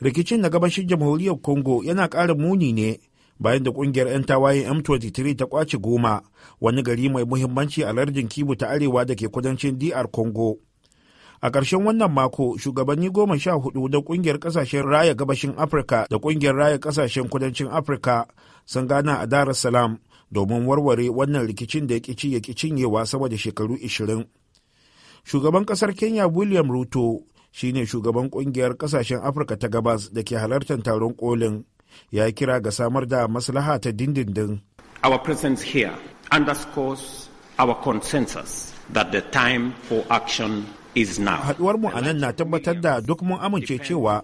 rikicin na gabashin jamhuriyar congo yana ƙara muni ne bayan da ƙungiyar 'yan tawayen m23 ta kwace goma wani gari mai muhimmanci a lardin kibu ta arewa da ke kudancin dr congo a ƙarshen wannan mako shugabanni goma sha hudu da ƙungiyar ƙasashen raya gabashin afirka da ƙungiyar raya kasashen kudancin afirka sun gana a dar es salaam domin warware wannan rikicin da ya ƙi cinyewa sama da shekaru ishirin. shugaban kasar kenya william ruto shine shugaban kungiyar kasashen afirka ta gabas da ke halartar taron kolin ya kira ga samar da maslaha ta dindindin our presence here underscores our consensus that the time for action is now haduwar mu anan na tabbatar da duk mun amince cewa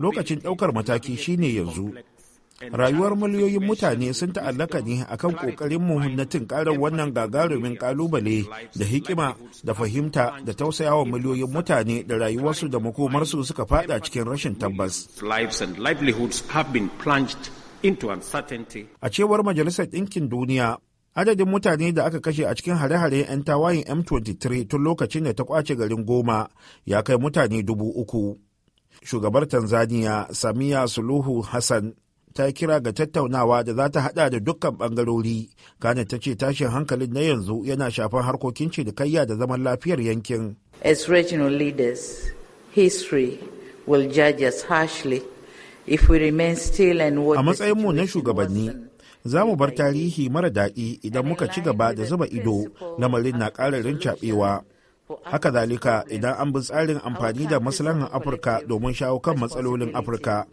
lokacin ɗaukar mataki shine yanzu rayuwar miliyoyin mutane sun ta'allaka ne akan ƙoƙarinmu na karar wannan gagarumin ƙalubale da hikima da fahimta da tausayawa miliyoyin mutane da rayuwarsu da makomarsu suka fada cikin rashin tabbas. A cewar Majalisar Ɗinkin Duniya, adadin mutane da aka kashe a cikin hare-hare 'yan tawayin M23 tun lokacin da ta kwace garin Goma ya kai mutane dubu uku. Shugabar Tanzania samia Suluhu Hassan ta kira ga tattaunawa da za ta hada da dukkan bangarori kane ta ce tashin hankalin na yanzu yana shafan harkokin cinikayya da zaman lafiyar yankin as regional leaders history will judge us harshly if we remain still and a matsayinmu na shugabanni za mu bar tarihi mara daɗi idan muka ci gaba da zuba ido lamarin na ƙararin rincaɓewa haka zalika idan an bi tsarin amfani da maslahan afirka domin shawo kan matsalolin afirka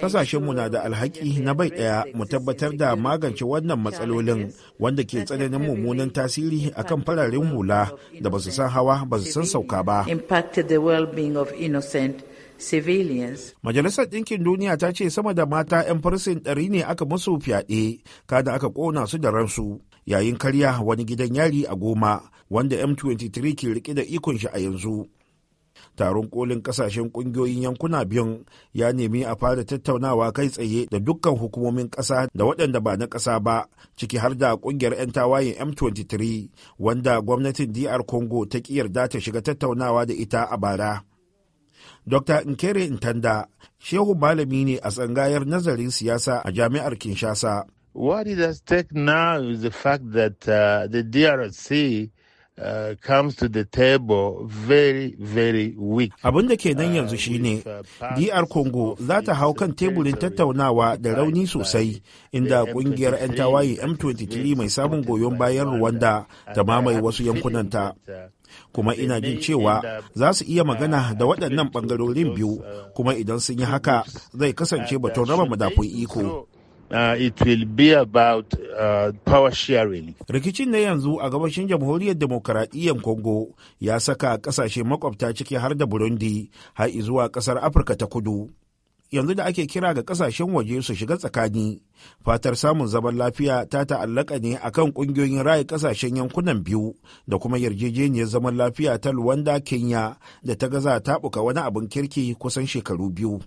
Kasashenmu na da alhaki na bai ɗaya mu tabbatar da magance wannan matsalolin wanda ke tsananin mummunan tasiri akan fararen hula da ba su san hawa ba su san sauka ba. Majalisar Ɗinkin Duniya ta ce sama da mata 'yan farsin ɗari ne aka musu fyaɗe, kada aka ƙona su da ransu yayin karya wani gidan yari a goma wanda M23 ke rike da ikon shi a yanzu. taron kolin kasashen kungiyoyin yankuna biyun ya nemi a fara tattaunawa kai tsaye da dukkan hukumomin kasa da waɗanda ba na ƙasa ba ciki har da ƙungiyar 'yan tawayen m23 wanda gwamnatin dr congo ta ki yarda ta shiga tattaunawa da ita a bara dr nkere intanda shehu malami ne a tsangayar nazarin siyasa a jami'ar kinshasa What is at stake now is the fact that uh, the DRC Uh, comes to the Abin da ke nan uh, yanzu shine uh, DR Congo za ta hau kan teburin tattaunawa da rauni sosai inda kungiyar 'yan tawaye M23 mai samun goyon bayan Rwanda ta mamaye wasu yankunanta. Kuma ina jin cewa za su iya magana da waɗannan ɓangarorin biyu kuma idan sun yi haka zai kasance batun raba madafun iko. Uh, it will be about uh, power sharing. Rikicin na yanzu a gabashin jamhuriyar demokaradiyyar Congo ya saka kasashe makwabta ciki har da Burundi har zuwa kasar Afirka ta kudu. Yanzu da ake kira ga kasashen waje su shiga tsakani, fatar samun zaman lafiya ta ta'allaka ne a kan ƙungiyoyin raye kasashen yankunan biyu da kuma yarjejeniyar zaman lafiya ta Luwanda Kenya da ta gaza taɓuka wani abin kirki kusan shekaru biyu.